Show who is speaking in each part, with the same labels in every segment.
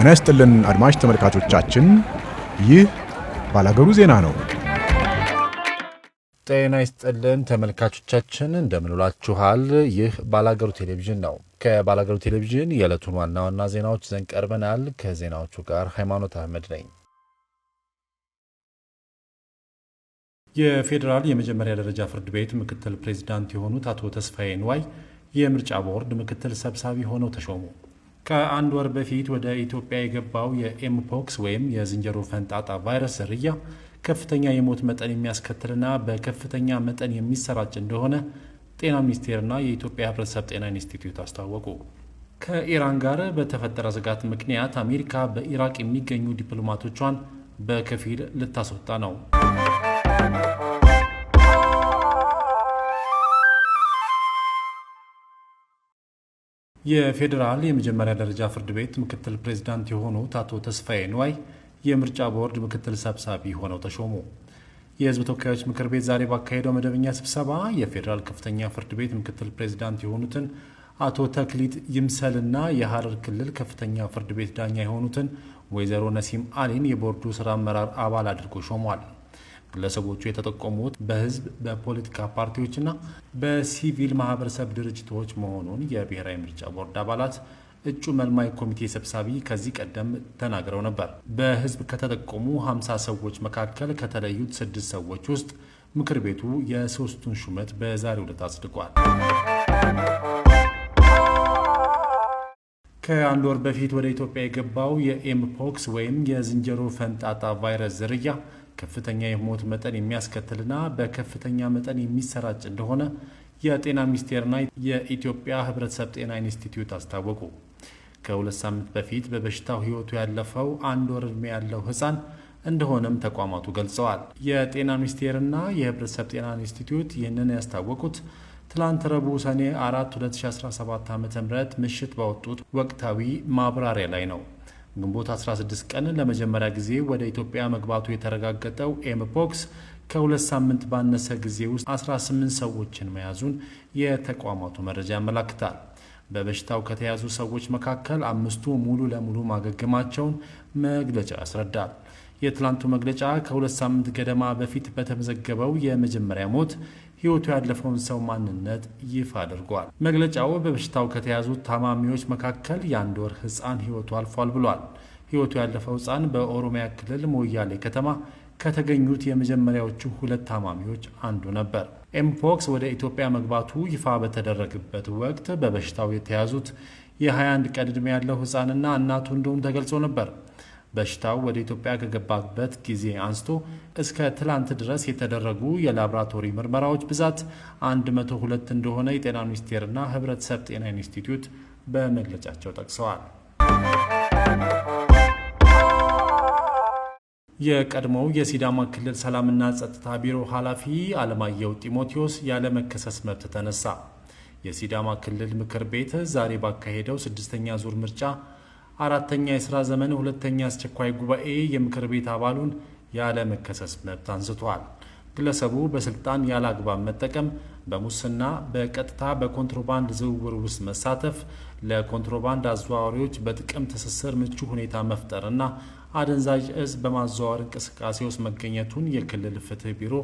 Speaker 1: ጤና ይስጥልን አድማጭ ተመልካቾቻችን፣ ይህ ባላገሩ ዜና ነው።
Speaker 2: ጤና ይስጥልን ተመልካቾቻችን፣ እንደምንውላችኋል። ይህ ባላገሩ ቴሌቪዥን ነው። ከባላገሩ ቴሌቪዥን የዕለቱን ዋና ዋና ዜናዎች ይዘን ቀርበናል። ከዜናዎቹ ጋር ሃይማኖት አህመድ ነኝ። የፌዴራል የመጀመሪያ ደረጃ ፍርድ ቤት ምክትል ፕሬዚዳንት የሆኑት አቶ ተስፋዬ ንዋይ የምርጫ ቦርድ ምክትል ሰብሳቢ ሆነው ተሾሙ። ከአንድ ወር በፊት ወደ ኢትዮጵያ የገባው የኤምፖክስ ወይም የዝንጀሮ ፈንጣጣ ቫይረስ ዝርያ ከፍተኛ የሞት መጠን የሚያስከትልና በከፍተኛ መጠን የሚሰራጭ እንደሆነ ጤና ሚኒስቴርና የኢትዮጵያ ሕብረተሰብ ጤና ኢንስቲትዩት አስታወቁ። ከኢራን ጋር በተፈጠረ ስጋት ምክንያት አሜሪካ በኢራቅ የሚገኙ ዲፕሎማቶቿን በከፊል ልታስወጣ ነው። የፌዴራል የመጀመሪያ ደረጃ ፍርድ ቤት ምክትል ፕሬዝዳንት የሆኑት አቶ ተስፋዬ ንዋይ የምርጫ ቦርድ ምክትል ሰብሳቢ ሆነው ተሾሙ። የሕዝብ ተወካዮች ምክር ቤት ዛሬ ባካሄደው መደበኛ ስብሰባ የፌዴራል ከፍተኛ ፍርድ ቤት ምክትል ፕሬዝዳንት የሆኑትን አቶ ተክሊት ይምሰልና የሐረር ክልል ከፍተኛ ፍርድ ቤት ዳኛ የሆኑትን ወይዘሮ ነሲም አሊን የቦርዱ ስራ አመራር አባል አድርጎ ሾሟል። ግለሰቦቹ የተጠቆሙት በህዝብ በፖለቲካ ፓርቲዎችና በሲቪል ማህበረሰብ ድርጅቶች መሆኑን የብሔራዊ ምርጫ ቦርድ አባላት እጩ መልማይ ኮሚቴ ሰብሳቢ ከዚህ ቀደም ተናግረው ነበር። በህዝብ ከተጠቆሙ 50 ሰዎች መካከል ከተለዩት ስድስት ሰዎች ውስጥ ምክር ቤቱ የሶስቱን ሹመት በዛሬው ዕለት አጽድቋል። ከአንድ ወር በፊት ወደ ኢትዮጵያ የገባው የኤምፖክስ ወይም የዝንጀሮ ፈንጣጣ ቫይረስ ዝርያ ከፍተኛ የሞት መጠን የሚያስከትልና በከፍተኛ መጠን የሚሰራጭ እንደሆነ የጤና ሚኒስቴርና የኢትዮጵያ ሕብረተሰብ ጤና ኢንስቲትዩት አስታወቁ። ከሁለት ሳምንት በፊት በበሽታው ህይወቱ ያለፈው አንድ ወር ዕድሜ ያለው ህፃን እንደሆነም ተቋማቱ ገልጸዋል። የጤና ሚኒስቴርና የህብረተሰብ ጤና ኢንስቲትዩት ይህንን ያስታወቁት ትላንት ረቡዕ ሰኔ 4 2017 ዓ ም ምሽት ባወጡት ወቅታዊ ማብራሪያ ላይ ነው። ግንቦት 16 ቀን ለመጀመሪያ ጊዜ ወደ ኢትዮጵያ መግባቱ የተረጋገጠው ኤምፖክስ ከሁለት ሳምንት ባነሰ ጊዜ ውስጥ 18 ሰዎችን መያዙን የተቋማቱ መረጃ ያመላክታል። በበሽታው ከተያዙ ሰዎች መካከል አምስቱ ሙሉ ለሙሉ ማገገማቸውን መግለጫው ያስረዳል። የትላንቱ መግለጫ ከሁለት ሳምንት ገደማ በፊት በተመዘገበው የመጀመሪያ ሞት ሕይወቱ ያለፈውን ሰው ማንነት ይፋ አድርጓል። መግለጫው በበሽታው ከተያዙት ታማሚዎች መካከል የአንድ ወር ሕፃን ሕይወቱ አልፏል ብሏል። ሕይወቱ ያለፈው ሕፃን በኦሮሚያ ክልል ሞያሌ ከተማ ከተገኙት የመጀመሪያዎቹ ሁለት ታማሚዎች አንዱ ነበር። ኤምፖክስ ወደ ኢትዮጵያ መግባቱ ይፋ በተደረገበት ወቅት በበሽታው የተያዙት የ21 ቀን ዕድሜ ያለው ሕፃንና እናቱ እንደሆኑ ተገልጾ ነበር። በሽታው ወደ ኢትዮጵያ ከገባበት ጊዜ አንስቶ እስከ ትላንት ድረስ የተደረጉ የላብራቶሪ ምርመራዎች ብዛት 102 እንደሆነ የጤና ሚኒስቴርና ህብረተሰብ ጤና ኢንስቲትዩት በመግለጫቸው ጠቅሰዋል። የቀድሞው የሲዳማ ክልል ሰላምና ጸጥታ ቢሮ ኃላፊ አለማየሁ ጢሞቴዎስ ያለመከሰስ መብት ተነሳ። የሲዳማ ክልል ምክር ቤት ዛሬ ባካሄደው ስድስተኛ ዙር ምርጫ አራተኛ የሥራ ዘመን ሁለተኛ አስቸኳይ ጉባኤ የምክር ቤት አባሉን ያለ መከሰስ መብት አንስቷል። ግለሰቡ በስልጣን ያለ አግባብ መጠቀም፣ በሙስና በቀጥታ በኮንትሮባንድ ዝውውር ውስጥ መሳተፍ፣ ለኮንትሮባንድ አዘዋዋሪዎች በጥቅም ትስስር ምቹ ሁኔታ መፍጠርና አደንዛዥ እጽ በማዘዋወር እንቅስቃሴ ውስጥ መገኘቱን የክልል ፍትህ ቢሮ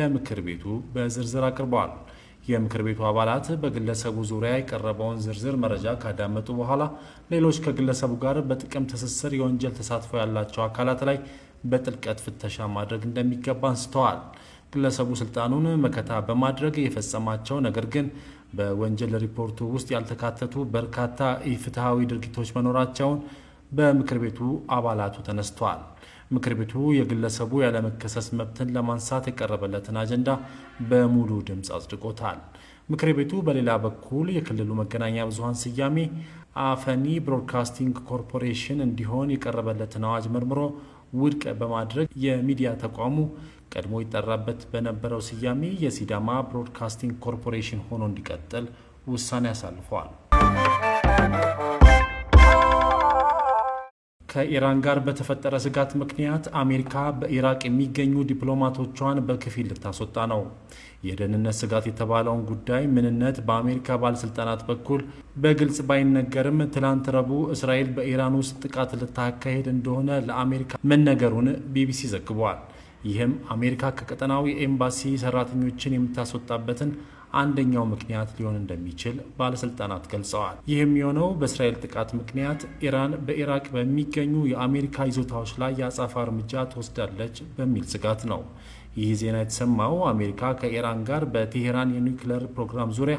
Speaker 2: ለምክር ቤቱ በዝርዝር አቅርበዋል። የምክር ቤቱ አባላት በግለሰቡ ዙሪያ የቀረበውን ዝርዝር መረጃ ካዳመጡ በኋላ ሌሎች ከግለሰቡ ጋር በጥቅም ትስስር የወንጀል ተሳትፎ ያላቸው አካላት ላይ በጥልቀት ፍተሻ ማድረግ እንደሚገባ አንስተዋል። ግለሰቡ ስልጣኑን መከታ በማድረግ የፈጸማቸው ነገር ግን በወንጀል ሪፖርቱ ውስጥ ያልተካተቱ በርካታ ኢፍትሐዊ ድርጊቶች መኖራቸውን በምክር ቤቱ አባላቱ ተነስተዋል። ምክር ቤቱ የግለሰቡ ያለመከሰስ መብትን ለማንሳት የቀረበለትን አጀንዳ በሙሉ ድምፅ አጽድቆታል። ምክር ቤቱ በሌላ በኩል የክልሉ መገናኛ ብዙኃን ስያሜ አፈኒ ብሮድካስቲንግ ኮርፖሬሽን እንዲሆን የቀረበለትን አዋጅ መርምሮ ውድቅ በማድረግ የሚዲያ ተቋሙ ቀድሞ ይጠራበት በነበረው ስያሜ የሲዳማ ብሮድካስቲንግ ኮርፖሬሽን ሆኖ እንዲቀጥል ውሳኔ አሳልፈዋል። ከኢራን ጋር በተፈጠረ ስጋት ምክንያት አሜሪካ በኢራቅ የሚገኙ ዲፕሎማቶቿን በከፊል ልታስወጣ ነው። የደህንነት ስጋት የተባለውን ጉዳይ ምንነት በአሜሪካ ባለስልጣናት በኩል በግልጽ ባይነገርም ትላንት ረቡዕ እስራኤል በኢራን ውስጥ ጥቃት ልታካሄድ እንደሆነ ለአሜሪካ መነገሩን ቢቢሲ ዘግቧል። ይህም አሜሪካ ከቀጠናዊ ኤምባሲ ሰራተኞችን የምታስወጣበትን አንደኛው ምክንያት ሊሆን እንደሚችል ባለስልጣናት ገልጸዋል። ይህም የሆነው በእስራኤል ጥቃት ምክንያት ኢራን በኢራቅ በሚገኙ የአሜሪካ ይዞታዎች ላይ የአጸፋ እርምጃ ትወስዳለች በሚል ስጋት ነው። ይህ ዜና የተሰማው አሜሪካ ከኢራን ጋር በቴሄራን የኒውክሌር ፕሮግራም ዙሪያ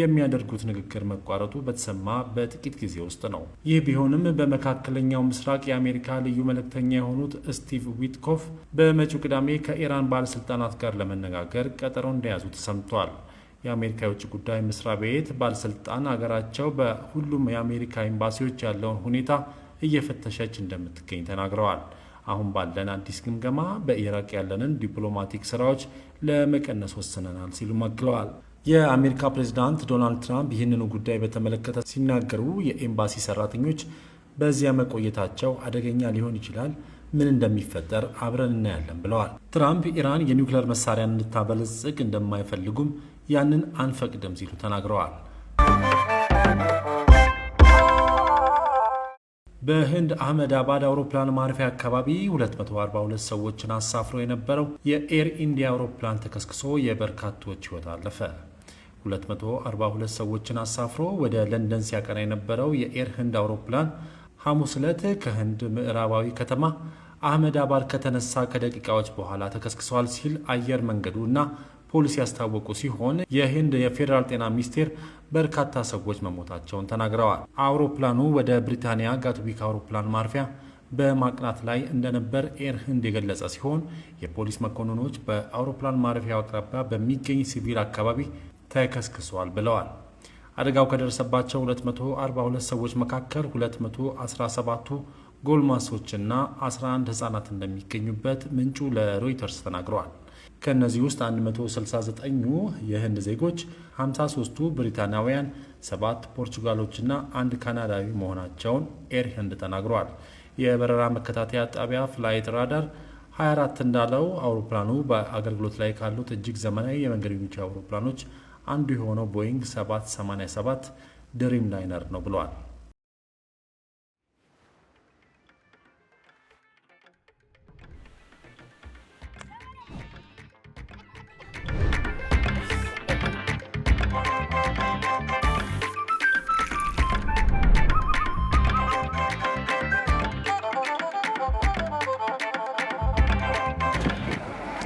Speaker 2: የሚያደርጉት ንግግር መቋረጡ በተሰማ በጥቂት ጊዜ ውስጥ ነው። ይህ ቢሆንም በመካከለኛው ምስራቅ የአሜሪካ ልዩ መልእክተኛ የሆኑት ስቲቭ ዊትኮፍ በመጪው ቅዳሜ ከኢራን ባለስልጣናት ጋር ለመነጋገር ቀጠሮ እንደያዙ ተሰምቷል። የአሜሪካ የውጭ ጉዳይ መስሪያ ቤት ባለስልጣን ሀገራቸው በሁሉም የአሜሪካ ኤምባሲዎች ያለውን ሁኔታ እየፈተሸች እንደምትገኝ ተናግረዋል። አሁን ባለን አዲስ ግምገማ በኢራቅ ያለንን ዲፕሎማቲክ ስራዎች ለመቀነስ ወስነናል ሲሉ መክለዋል። የአሜሪካ ፕሬዚዳንት ዶናልድ ትራምፕ ይህንኑ ጉዳይ በተመለከተ ሲናገሩ የኤምባሲ ሰራተኞች በዚያ መቆየታቸው አደገኛ ሊሆን ይችላል፣ ምን እንደሚፈጠር አብረን እናያለን ብለዋል። ትራምፕ ኢራን የኒውክሌር መሳሪያን እንድታበለጽግ እንደማይፈልጉም ያንን አንፈቅድም ሲሉ ተናግረዋል። በህንድ አህመድ አባድ አውሮፕላን ማረፊያ አካባቢ 242 ሰዎችን አሳፍሮ የነበረው የኤር ኢንዲያ አውሮፕላን ተከስክሶ የበርካቶች ህይወት አለፈ። 242 ሰዎችን አሳፍሮ ወደ ለንደን ሲያቀና የነበረው የኤር ህንድ አውሮፕላን ሐሙስ ዕለት ከህንድ ምዕራባዊ ከተማ አህመድ አባድ ከተነሳ ከደቂቃዎች በኋላ ተከስክሷል ሲል አየር መንገዱ እና ፖሊስ ያስታወቁ ሲሆን የህንድ የፌዴራል ጤና ሚኒስቴር በርካታ ሰዎች መሞታቸውን ተናግረዋል። አውሮፕላኑ ወደ ብሪታንያ ጋትዊክ አውሮፕላን ማረፊያ በማቅናት ላይ እንደነበር ኤር ህንድ የገለጸ ሲሆን የፖሊስ መኮንኖች በአውሮፕላን ማረፊያው አቅራቢያ በሚገኝ ሲቪል አካባቢ ተከስክሷል ብለዋል። አደጋው ከደረሰባቸው 242 ሰዎች መካከል 217ቱ ጎልማሶችና 11 ህጻናት እንደሚገኙበት ምንጩ ለሮይተርስ ተናግረዋል። ከእነዚህ ውስጥ 169ኙ የህንድ ዜጎች፣ 53ቱ ብሪታናውያን፣ ሰባት ፖርቹጋሎችና አንድ ካናዳዊ መሆናቸውን ኤር ህንድ ተናግረዋል። የበረራ መከታተያ ጣቢያ ፍላይት ራዳር 24 እንዳለው አውሮፕላኑ በአገልግሎት ላይ ካሉት እጅግ ዘመናዊ የመንገደኞች አውሮፕላኖች አንዱ የሆነው ቦይንግ 787 ድሪም ላይነር ነው ብለዋል።